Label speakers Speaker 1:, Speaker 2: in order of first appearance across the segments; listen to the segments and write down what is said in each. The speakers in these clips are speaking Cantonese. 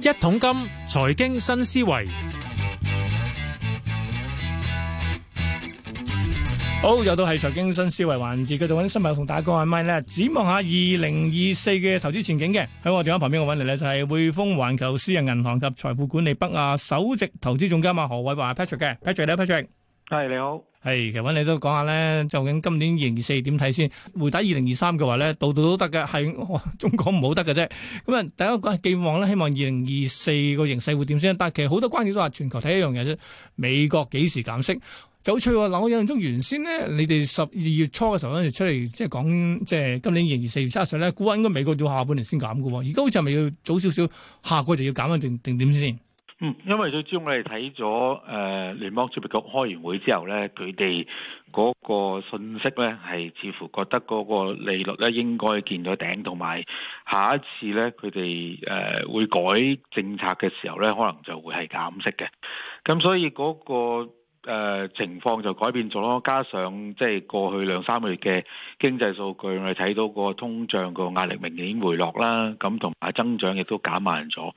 Speaker 1: 一桶金財經新思維，好又到係財經新思維環節，繼續揾新聞同大家講下咪呢。Mike, 展望下二零二四嘅投資前景嘅，喺我電話旁邊我揾嚟呢，就係匯豐環球私人銀行及財富管理北亞首席投資總監啊何偉華 Patrick 嘅 Patrick 你好 Patrick，係你好。係，其實揾你都講下咧，究竟今年二零二四點睇先？回打二零二三嘅話咧，度度都得嘅，係、哦、中國唔好得嘅啫。咁、嗯、啊，第一個講寄望咧，希望二零二四個形勢會點先？但係其實好多關注都話，全球睇一樣嘢啫，美國幾時減息？有趣喎，嗱，我印象中原先呢，你哋十二月初嘅時候咧就出嚟即係講，即係今年二零二四嘅趨勢咧，估計應該美國要下半年先減嘅，而家好似係咪要早少少，下個就要減定定點先？
Speaker 2: 嗯，因為最終我哋睇咗誒聯邦準備局開完會之後咧，佢哋嗰個信息咧係似乎覺得嗰個利率咧應該見到頂，同埋下一次咧佢哋誒會改政策嘅時候咧，可能就會係減息嘅。咁所以嗰個。誒、呃、情況就改變咗咯，加上即係過去兩三個月嘅經濟數據，我哋睇到個通脹個壓力明顯回落啦，咁同埋增長亦都減慢咗，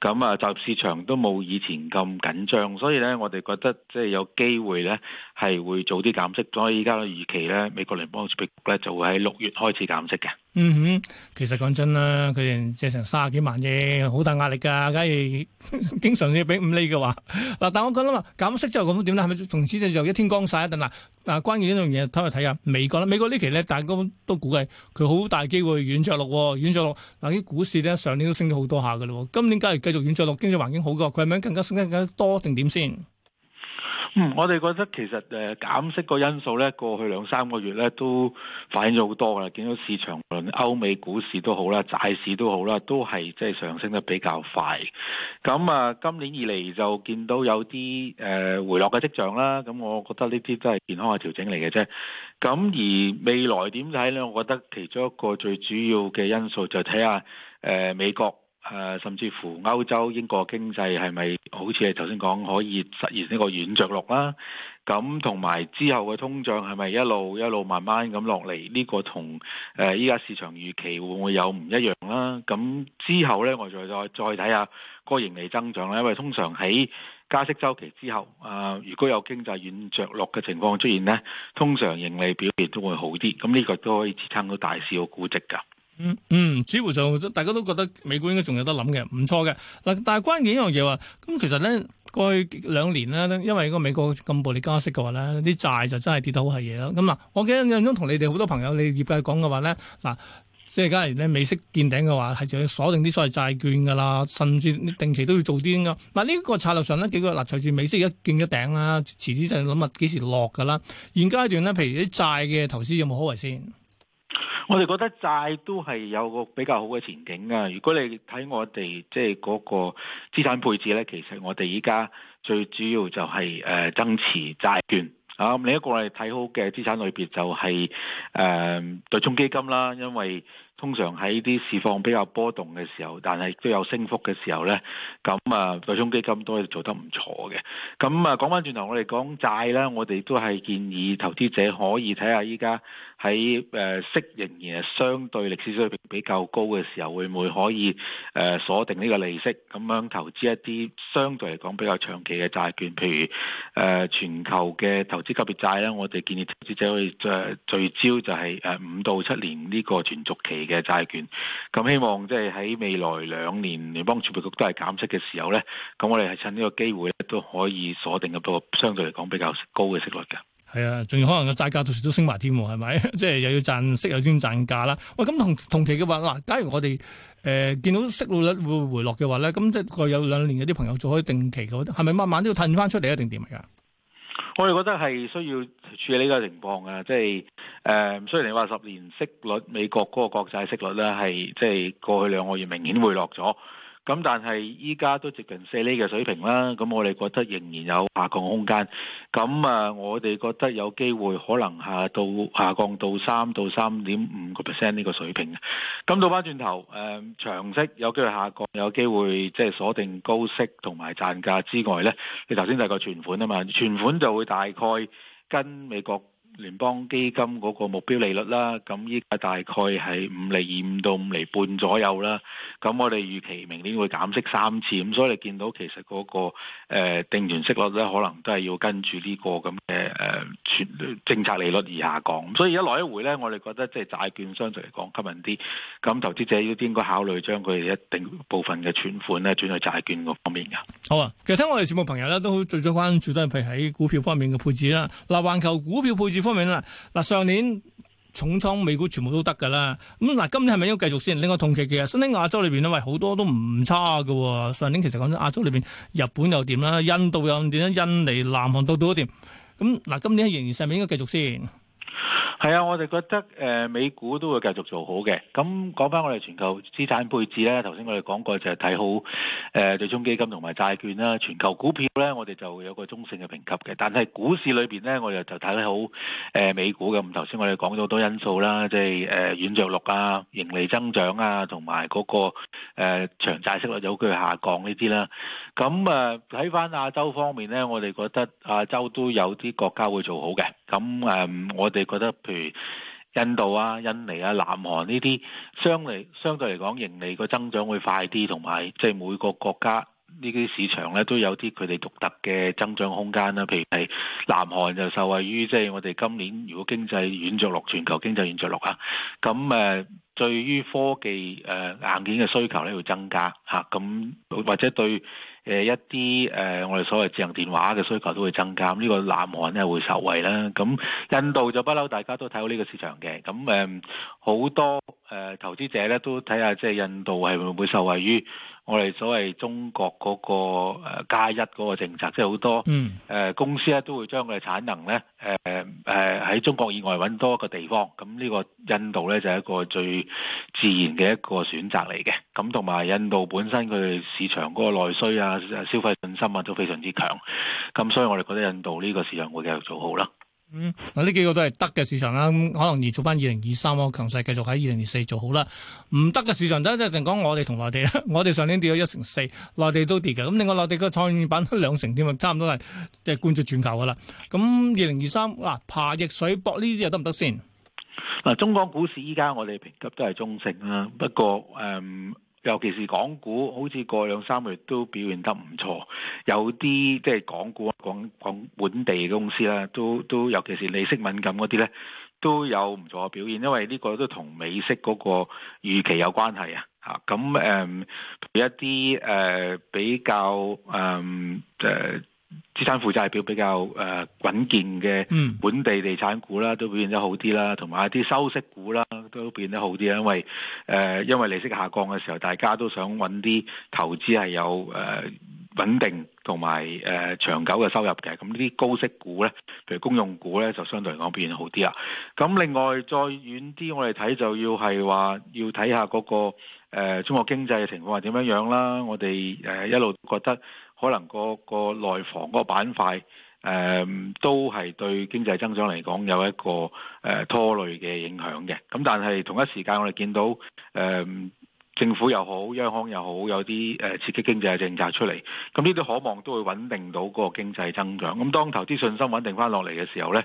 Speaker 2: 咁啊就市場都冇以前咁緊張，所以咧我哋覺得即係有機會咧係會早啲減息，所以依家嘅預期咧美國聯邦儲備局咧就會喺六月開始減息嘅。
Speaker 1: 嗯哼，其實講真啦，佢哋借成卅幾萬嘢，好大壓力噶。假如 經常要俾五厘嘅話，嗱， 但係我覺得嘛，減息之後咁點咧，係咪從此就又一天光晒啊？等嗱，嗱，關於呢樣嘢睇下睇下，美國啦，美國呢期咧，大家都估計佢好大機會軟着陸，軟着陸。嗱，啲股市咧上年都升咗好多下噶啦，今年假如繼續軟着陸，經濟環境好嘅話，佢係咪更加升得更加多定點先？嗯，我哋覺得其實誒減息個
Speaker 2: 因素咧，過去兩三個月咧都反映咗好多啦，見到市場，無論歐美股市都好啦，債市都好啦，都係即係上升得比較快。咁啊，今年以嚟就見到有啲誒、呃、回落嘅跡象啦。咁我覺得呢啲都係健康嘅調整嚟嘅啫。咁而未來點睇咧？我覺得其中一個最主要嘅因素就睇下誒美國。誒、呃，甚至乎歐洲英國經濟係咪好似係頭先講可以實現呢個軟着陸啦？咁同埋之後嘅通脹係咪一路一路慢慢咁落嚟？呢、這個同誒依家市場預期會唔會有唔一樣啦？咁之後呢，我再再再睇下個盈利增長啦。因為通常喺加息周期之後，啊、呃，如果有經濟軟着陸嘅情況出現呢，通常盈利表現都會好啲。咁呢個都可以支撐到大市嘅估值㗎。
Speaker 1: 嗯嗯，似乎就大家都覺得美國應該仲有得諗嘅，唔錯嘅。嗱，但係關鍵一樣嘢話，咁其實咧過去兩年咧，因為個美國咁暴利加息嘅話咧，啲債就真係跌得好係嘢咯。咁、嗯、嗱，我記得印象中同你哋好多朋友，你業界講嘅話咧，嗱，即係假如咧美息見頂嘅話，係就要鎖定啲所謂債券噶啦，甚至定期都要做啲咁。嗱、嗯、呢、這個策略上咧幾個，嗱，隨住美息而家見咗頂啦，遲啲就諗下幾時落噶啦。現階段呢，譬如啲債嘅投資有冇可為先？
Speaker 2: 我哋覺得債都係有個比較好嘅前景㗎。如果你睇我哋即係嗰個資產配置咧，其實我哋依家最主要就係、是、誒、呃增持債券啊。另一個我哋睇好嘅資產類別就係、是、誒、呃對沖基金啦，因為，通常喺啲市況比較波動嘅時候，但係亦都有升幅嘅時候呢。咁啊，對沖基金都係做得唔錯嘅。咁啊，講翻轉頭，我哋講債啦，我哋都係建議投資者可以睇下依家喺誒息仍然係相對歷史水平比較高嘅時候，會唔會可以誒鎖定呢個利息，咁樣投資一啲相對嚟講比較長期嘅債券，譬如誒、呃、全球嘅投資級別債啦，我哋建議投資者可以聚焦就係誒五到七年呢個存續期，嘅債券咁希望即係喺未來兩年聯邦儲備局都係減息嘅時候咧，咁我哋係趁呢個機會咧都可以鎖定一個相對嚟講比較高嘅息率嘅。
Speaker 1: 係啊，仲要可能個債價到時都升埋添，係咪？即 係又要賺息，又兼賺價啦。喂、哎，咁同同期嘅話嗱，假如我哋誒、呃、見到息率會,會回落嘅話咧，咁即係有兩年有啲朋友做可以定期嘅，係咪慢慢都要褪翻出嚟一定點㗎？
Speaker 2: 我哋覺得係需要處理呢個情況啊！即係誒，雖然你話十年息率，美國嗰個國債息率咧，係即係過去兩個月明顯回落咗。咁但係依家都接近四厘嘅水平啦，咁我哋覺得仍然有下降空間。咁啊，我哋覺得有機會可能下到下降到三到三點五個 percent 呢個水平。咁倒翻轉頭，誒、呃、長息有機會下降，有機會即係鎖定高息同埋賺價之外呢。你頭先就係個存款啊嘛，存款就會大概跟美國。聯邦基金嗰個目標利率啦，咁依家大概係五厘二五到五厘半左右啦。咁我哋預期明年會減息三次，咁所以你見到其實嗰個、呃、定存息率咧，可能都係要跟住呢個咁嘅誒政策利率而下降。所以一來一回咧，我哋覺得即係債券相對嚟講吸引啲。咁投資者都應該考慮將佢哋一定部分嘅存款咧轉去債券方面㗎。
Speaker 1: 好啊，其實聽我哋節目朋友咧都好最想關注都係喺股票方面嘅配置啦。嗱，環球股票配置方面啦，嗱，上年重倉美股全部都得噶啦，咁嗱今年係咪應該繼續先？另外同期嘅新興亞洲裏邊咧，喂，好多都唔差噶。上年其實講真，亞洲裏邊日本又掂啦，印度又掂，印尼、南韓都都掂。咁嗱，今年係仍然係咪應該繼續先？
Speaker 2: 係啊，我哋覺得誒，美股都會繼續做好嘅。咁講翻我哋全球資產配置咧，頭先我哋講過就係睇好誒對沖基金同埋債券啦。全球股票咧，我哋就會有個中性嘅評級嘅。但係股市裏邊咧，我哋就睇得好誒美股嘅。咁頭先我哋講咗好多因素啦，即係誒軟著陸啊、盈利增長啊，同埋嗰個誒、呃、長債息率有啲下降呢啲啦。咁啊，睇、呃、翻亞洲方面咧，我哋覺得亞洲都有啲國家會做好嘅。咁誒、嗯，我哋覺得，譬如印度啊、印尼啊、南韓呢啲，相嚟相對嚟講，盈利個增長會快啲，同埋即係每個國家呢啲市場咧，都有啲佢哋獨特嘅增長空間啦。譬如係南韓就受惠於即係、就是、我哋今年如果經濟軟著陸，全球經濟軟著陸啊，咁誒，對於科技誒硬件嘅需求咧會增加嚇，咁或者對。誒一啲誒、呃、我哋所謂智能電話嘅需求都會增加，呢、這個南韓咧會受惠啦。咁、嗯、印度就不嬲，大家都睇到呢個市場嘅。咁誒好多誒、呃、投資者咧都睇下，即係印度係會唔會受惠於我哋所謂中國嗰、那個、呃、加一嗰個政策，即係好多誒、呃、公司咧都會將佢哋產能咧誒誒喺中國以外揾多一個地方。咁、嗯、呢、這個印度咧就係、一個最自然嘅一個選擇嚟嘅。咁同埋印度本身佢哋市場嗰個內需啊～消費信心啊都非常之強，咁所以我哋覺得印度呢個市場會繼續做好啦。
Speaker 1: 嗯，嗱，呢幾個都係得嘅市場啦，咁可能而做翻二零二三嗰個強勢，繼續喺二零二四做好啦。唔得嘅市場，真係成日講我哋同內地啦，我哋上年跌咗一成四，內地都跌嘅。咁另外內地嘅創業板都兩成，添啊，差唔多係即係冠絕全球噶啦。咁二零二三嗱，爬逆水搏呢啲又得唔得先？嗱，中國股市依家我哋評級都係中性啦，
Speaker 2: 不過誒。嗯尤其是港股，好似過兩三個月都表現得唔錯，有啲即係港股、港港本地公司啦，都都尤其是利息敏感嗰啲咧，都有唔錯嘅表現，因為呢個都同美息嗰個預期有關係啊。嚇咁誒，譬如一啲誒、呃、比較誒誒資產負債表比較誒穩、呃、健嘅本地地產股啦，都表現得好啲啦，同埋一啲收息股啦。都變得好啲啊，因為，誒、呃，因為利息下降嘅時候，大家都想揾啲投資係有誒、呃、穩定同埋誒長久嘅收入嘅，咁呢啲高息股咧，譬如公用股咧，就相對嚟講變好啲啊。咁另外再遠啲，我哋睇就要係話要睇下嗰個誒、呃、中國經濟嘅情況係點樣樣啦。我哋誒、呃、一路覺得可能、嗰個、嗰個內房嗰個板塊。誒都係對經濟增長嚟講有一個誒、呃、拖累嘅影響嘅，咁但係同一時間我哋見到誒、呃、政府又好、央行又好，有啲誒刺激經濟嘅政策出嚟，咁呢啲可望都會穩定到個經濟增長。咁當投資信心穩定返落嚟嘅時候呢，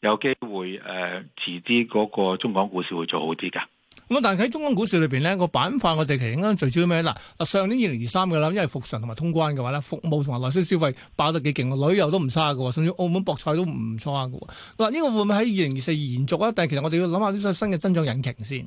Speaker 2: 有機會誒、呃、遲啲嗰個中港股市會做好啲㗎。
Speaker 1: 咁但係喺中國股市裏邊呢，個板塊我哋其實應該聚焦咩咧？嗱，上年二零二三噶啦，因為復常同埋通關嘅話咧，服務同埋內需消費爆得幾勁喎，旅遊都唔差噶喎，甚至澳門博彩都唔差噶喎。嗱，啊，呢個會唔會喺二零二四延續啊？但係其實我哋要諗下啲新嘅增長引擎先。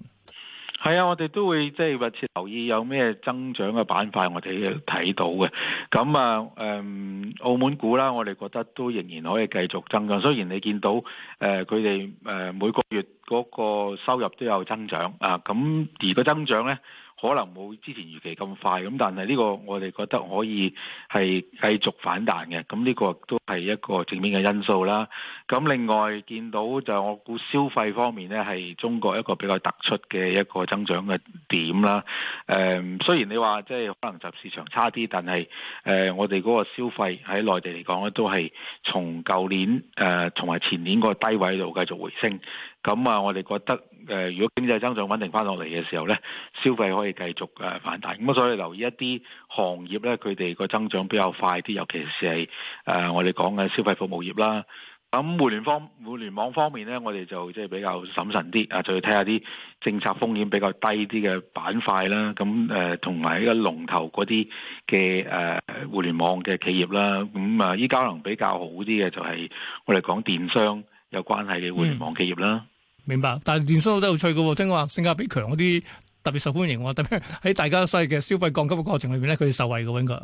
Speaker 1: 係啊，我哋都會
Speaker 2: 即係密切留意有咩增長嘅板塊，我哋睇到嘅。咁啊，誒、嗯，澳門股啦，我哋覺得都仍然可以繼續增長。雖然你見到誒，佢哋誒每個月嗰個收入都有增長啊，咁而個增長咧。可能冇之前預期咁快，咁但係呢個我哋覺得可以係繼續反彈嘅，咁呢個都係一個正面嘅因素啦。咁另外見到就我估消費方面呢，係中國一個比較突出嘅一個增長嘅點啦。誒、呃，雖然你話即係可能集市場差啲，但係誒、呃、我哋嗰個消費喺內地嚟講咧，都係從舊年誒，同埋前年個低位度繼續回升。咁啊、嗯，我哋覺得誒、呃，如果經濟增長穩定翻落嚟嘅時候咧，消費可以繼續誒反彈。咁、呃、所以留意一啲行業咧，佢哋個增長比較快啲，尤其是係誒、呃、我哋講嘅消費服務業啦。咁、嗯、互聯方、互聯網方面咧，我哋就即係比較審慎啲啊，就去睇下啲政策風險比較低啲嘅板塊啦。咁、啊、誒，同埋呢個龍頭嗰啲嘅誒互聯網嘅企業啦。咁、嗯、啊，依家能比較好啲嘅就係我哋講電商。有關係嘅互聯網企業啦，
Speaker 1: 明白。但係電商都好有趣嘅，聽講話性價比強嗰啲特別受歡迎，話特別喺大家所謂嘅消費降級嘅過程裏邊咧，佢哋受惠嘅應該。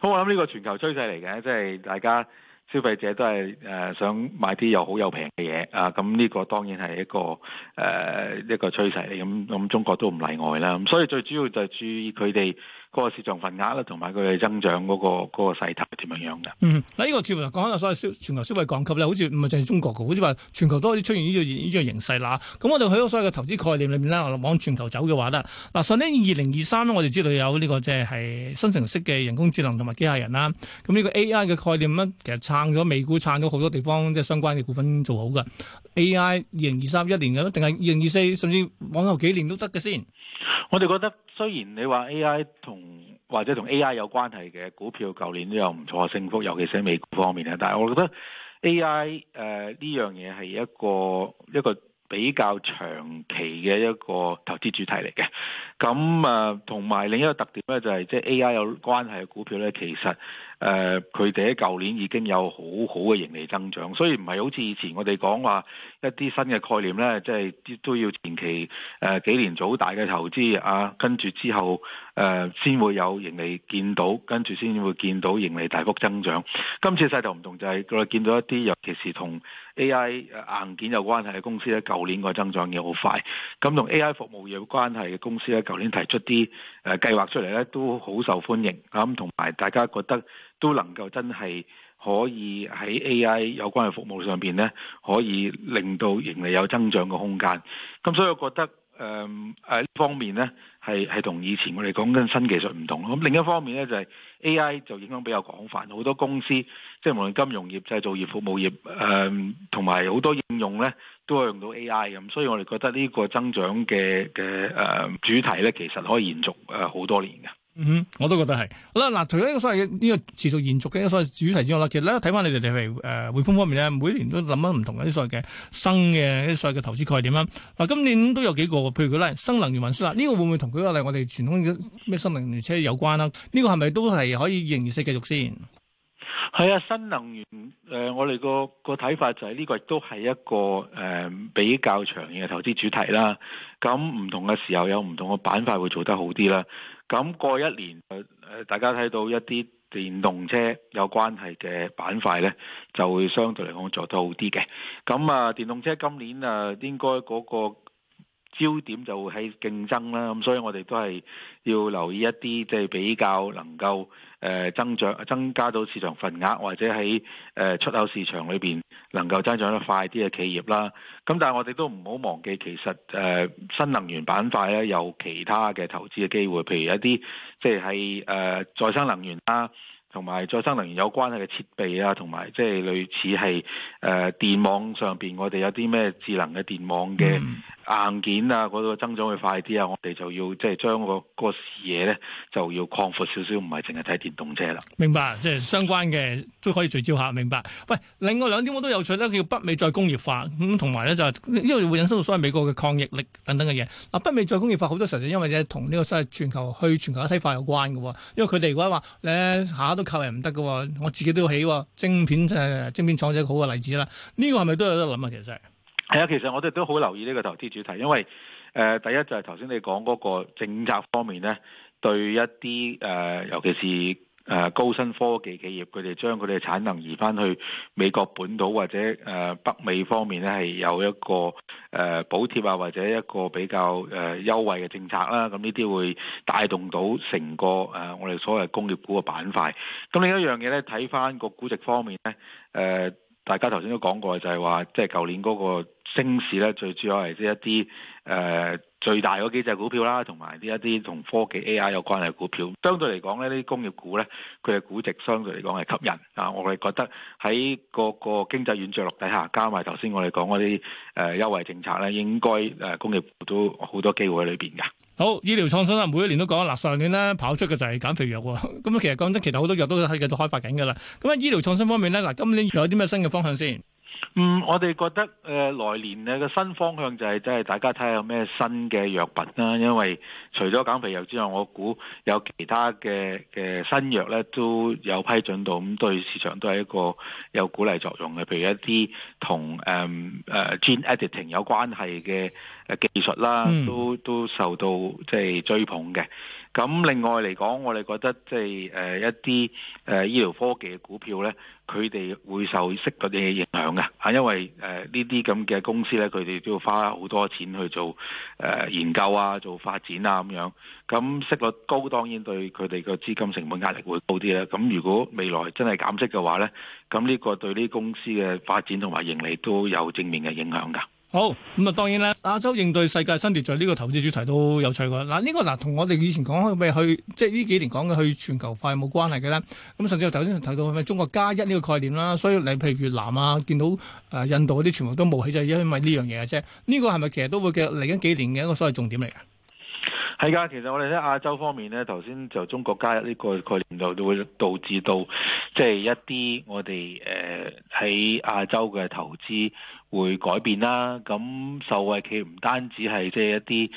Speaker 2: 好，我諗呢個全球趨勢嚟嘅，即係大家消費者都係誒想買啲又好又平嘅嘢啊。咁呢個當然係一個誒一個趨勢嚟，咁咁中國都唔例外啦。咁所以最主要就係注意佢哋。嗰個市場份額啦，同埋佢嘅增長嗰個嗰個勢頭點樣樣嘅？
Speaker 1: 嗯，嗱，呢個似乎講緊所謂消全球消費降級咧，好似唔係淨係中國嘅，好似話全球都可以出現呢個呢個形勢啦。咁我哋喺嗰所謂嘅投資概念裏面咧，我哋往全球走嘅話咧，嗱，上年二零二三我哋知道有呢個即係新型式嘅人工智能同埋機械人啦。咁呢個 A I 嘅概念呢，其實撐咗美股，撐咗好多地方即係相關嘅股份做好㗎。A I 二零二三一年咁，定係二零二四，甚至往後幾年都得嘅先。我哋覺得
Speaker 2: 雖然你話 AI 同或者同 AI 有關係嘅股票，舊年都有唔錯嘅升幅，尤其是美股方面咧。但係我覺得 AI 誒呢樣嘢係一個一個，一個比較長期嘅一個投資主題嚟嘅，咁啊，同埋另一個特點咧、就係，就係即係 AI 有關係嘅股票咧，其實誒，佢哋喺舊年已經有好好嘅盈利增長，所以唔係好似以前我哋講話一啲新嘅概念咧，即、就、係、係、都要前期誒、呃、幾年早大嘅投資啊，跟住之後誒、呃、先會有盈利見到，跟住先會見到盈利大幅增長。今次嘅勢頭唔同就係佢哋見到一啲，尤其是同，A.I. 硬件有關係嘅公司咧，舊年個增長嘅好快。咁同 A.I. 服務有關係嘅公司咧，舊年提出啲誒計劃出嚟咧，都好受歡迎。咁同埋大家覺得都能夠真係可以喺 A.I. 有關嘅服務上邊咧，可以令到盈利有增長嘅空間。咁所以我覺得誒誒呢方面咧。係係同以前我哋講緊新技術唔同。咁另一方面咧，就係、是、AI 就影響比較廣泛，好多公司即係無論金融業、製造業、服務業，誒同埋好多應用咧，都係用到 AI 咁。所以我哋覺得呢個增長嘅嘅誒主題咧，其實可以延續誒好多年嘅。
Speaker 1: 嗯，我都覺得係好啦。嗱、嗯，除咗呢個所謂呢、這個持續延續嘅所謂主題之外啦，其實咧睇翻你哋哋誒匯豐方面咧，每年都諗緊唔同嘅啲所謂嘅新嘅一啲所謂嘅投資概念啦。嗱、啊，今年都有幾個，譬如佢咧，新能源運輸啦，呢、這個會唔會同佢嗰個例，我哋傳統嘅咩新能源車有關啦？呢、這個係咪都係可以延續繼續先？係啊，新能
Speaker 2: 源誒、呃，我哋個個睇法就係、是、呢、這個都係一個誒、呃、比較長嘅投資主題啦。咁唔同嘅時候有唔同嘅板塊會做得好啲啦。咁過一年，誒誒，大家睇到一啲電動車有關係嘅板塊呢，就會相對嚟講做得好啲嘅。咁啊，電動車今年啊，應該嗰個焦點就會喺競爭啦。咁所以我哋都係要留意一啲即係比較能夠，誒、呃，增長增加到市場份額，或者喺誒、呃、出口市場裏邊能夠增長得快啲嘅企業啦。咁但係我哋都唔好忘記，其實誒、呃，新能源板塊咧有其他嘅投資嘅機會，譬如一啲即係誒再生能源啦，同埋再生能源有關係嘅設備啊，同埋即係類似係誒、呃、電網上邊我哋有啲咩智能嘅電網嘅。嗯硬件啊，嗰、那個增長會快啲啊，我哋就要即係、就是、將個個視野咧，就要擴闊少少，唔係淨係睇電動車啦。
Speaker 1: 明白，即、就、係、是、相關嘅都可以聚焦下。明白。喂，另外兩點我都有趣咧，叫北美再工業化咁，同埋咧就係因為會引申到所謂美國嘅抗逆力等等嘅嘢。啊，北美再工業化好多時候就因為同呢個世界全球去全球一體化有關嘅喎、哦。因為佢哋如果話你下下都靠人唔得嘅喎，我自己都要起、哦、晶片誒，晶片廠者好嘅例子啦。呢、這個係咪都有得諗啊？其實？
Speaker 2: 係啊，其實我哋都好留意呢個投資主題，因為誒、呃，第一就係頭先你講嗰個政策方面咧，對一啲誒、呃，尤其是誒、呃、高新科技企業，佢哋將佢哋嘅產能移翻去美國本土或者誒、呃、北美方面咧，係有一個誒補貼啊，或者一個比較誒、呃、優惠嘅政策啦。咁呢啲會帶動到成個誒、呃、我哋所謂工業股嘅板塊。咁另一樣嘢咧，睇翻個估值方面咧，誒、呃。大家頭先都講過，就係話即係舊年嗰個升市咧，最主要係即一啲誒、呃、最大嗰幾隻股票啦，同埋啲一啲同科技 AI 有關嘅股票。相對嚟講咧，啲工業股咧，佢嘅估值相對嚟講係吸引啊！我哋覺得喺個個經濟軟著陸底下，加埋頭先我哋講嗰啲誒優惠政策咧，應該誒工業股都好多機會喺裏邊㗎。
Speaker 1: 好，醫療創新啦，每一年都講啦。嗱，上年咧跑出嘅就係減肥藥，咁其實講真，其實好多藥都喺度開發緊㗎喇。咁喺醫療創新方面咧，嗱今年仲有啲咩新嘅方向先？嗯，我哋覺得
Speaker 2: 誒、呃，來年呢個新方向就係即係大家睇下有咩新嘅藥品啦。因為除咗減肥藥之外，我估有其他嘅嘅新藥咧都有批准到，咁、嗯、對市場都係一個有鼓勵作用嘅。譬如一啲同誒誒、嗯、gene、啊、editing 有關係嘅技術啦，都都受到即係追捧嘅。咁另外嚟講，我哋覺得即係誒一啲誒醫療科技嘅股票咧，佢哋會受息啲嘢影響嘅，啊，因為誒呢啲咁嘅公司咧，佢哋都要花好多錢去做誒研究啊，做發展啊咁樣。咁息率高，當然對佢哋個資金成本壓力會高啲啦。咁如果未來真係減息嘅話咧，咁呢個對呢公司嘅發展同埋盈利都有正面嘅
Speaker 1: 影響㗎。好咁啊、嗯！當然啦，亞洲應對世界新秩序呢個投資主題都有趣㗎。嗱、啊，呢、這個嗱同、啊、我哋以前講開咪去，即係呢幾年講嘅去全球化冇關係嘅啦。咁、啊、甚至頭先提到係咪中國加一呢個概念啦？所以你譬如越南啊，見到誒、呃、印度嗰啲全部都冒起，就係、因為呢樣嘢嘅啫。呢、這個係咪其實都會嘅嚟緊幾年嘅一個所謂重點嚟㗎？係
Speaker 2: 㗎。其實我哋喺亞洲方面咧，頭先就中國加一呢個概念就會導致到即係、就是、一啲我哋誒喺亞洲嘅投資。會改變啦，咁受惠企業唔單止係即係一啲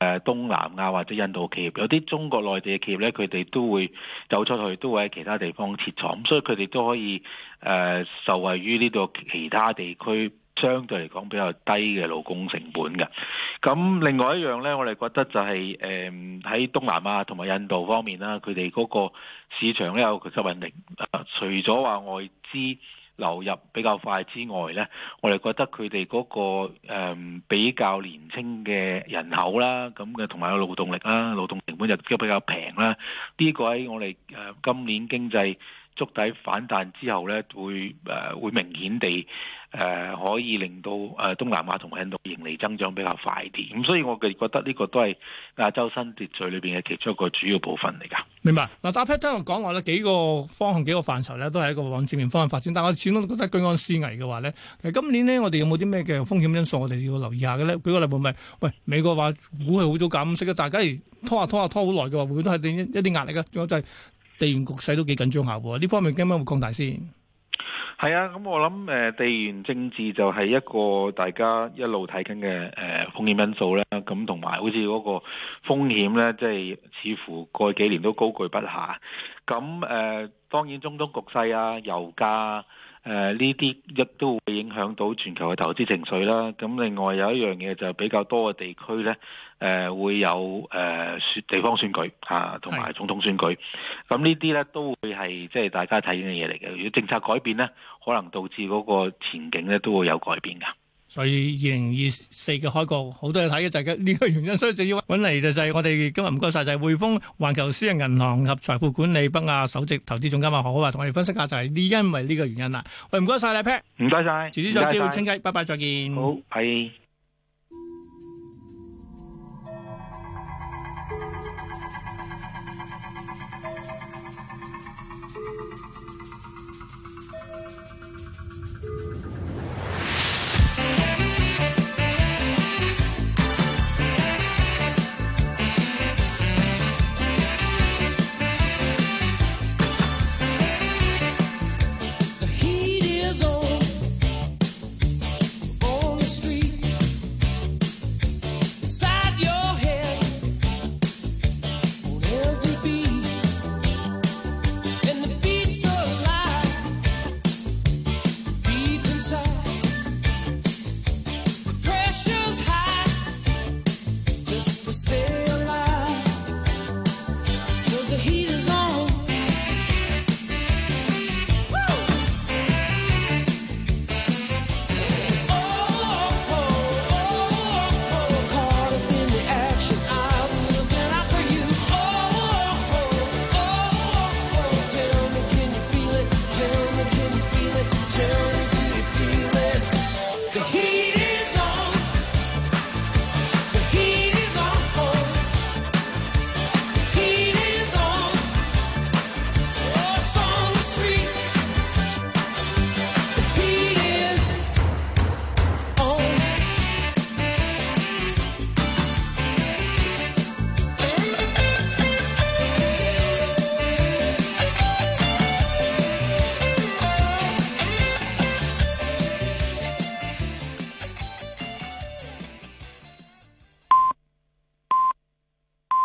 Speaker 2: 誒東南亞或者印度企業，有啲中國內地嘅企業咧，佢哋都會走出去，都會喺其他地方設廠，所以佢哋都可以誒受惠於呢度其他地區相對嚟講比較低嘅勞工成本嘅。咁另外一樣咧，我哋覺得就係誒喺東南亞同埋印度方面啦，佢哋嗰個市場咧有佢吸引力。除咗話外資流入比較快之外咧，我哋覺得佢哋嗰個誒、嗯、比較年輕嘅人口啦，咁嘅同埋個勞動力啦，勞動成本就比較平啦，呢、這個喺我哋誒今年經濟。足底反彈之後咧，會誒、呃、會明顯地誒、呃、可以令到誒、呃、東南亞同印度盈利增長比較快啲，咁、嗯、所以我哋覺得呢個都係亞洲新秩序裏邊嘅其中一個主要部分嚟噶。
Speaker 1: 明白嗱，阿 Pat 聽我講話咧，幾個方向、幾個範疇咧，都係一個往正面方向發展。但係我始終都覺得，居安思危嘅話咧，今年呢，我哋有冇啲咩嘅風險因素，我哋要留意下嘅咧？舉個例咪喂美國話股係好早減息嘅，但係、哎、拖下、啊、拖下、啊、拖好耐嘅話，會唔會都係一啲壓力啊？仲有就係、是。地緣局勢都幾緊張下，呢方面今晚會擴大先？
Speaker 2: 係啊，咁我諗誒、呃、地緣政治就係一個大家一路睇緊嘅誒風險因素咧。咁同埋好似嗰個風險咧，即、就、係、是、似乎過去幾年都高居不下。咁誒、呃，當然中東局勢啊，油價、啊。誒，呢啲亦都會影響到全球嘅投資情緒啦。咁另外有一樣嘢就比較多嘅地區呢，誒、呃、會有誒、呃、地方選舉啊，同埋總統選舉。咁呢啲呢，都會係即係大家睇嘅嘢嚟嘅。如果政策改變呢，可能導致嗰個前景呢，都會有改變噶。
Speaker 1: 所以二零二四嘅開局好多嘢睇嘅就係呢個原因，所以要就要搵嚟就係我哋今日唔該晒，就係匯豐環球私人銀行及財富管理北亞首席投資總監嘛，好啊，同我哋分析下就係呢，因為呢個原因啦。喂，唔該晒，你 Pat，唔該晒，遲啲再見謝，清雞，拜拜，再見。好，係。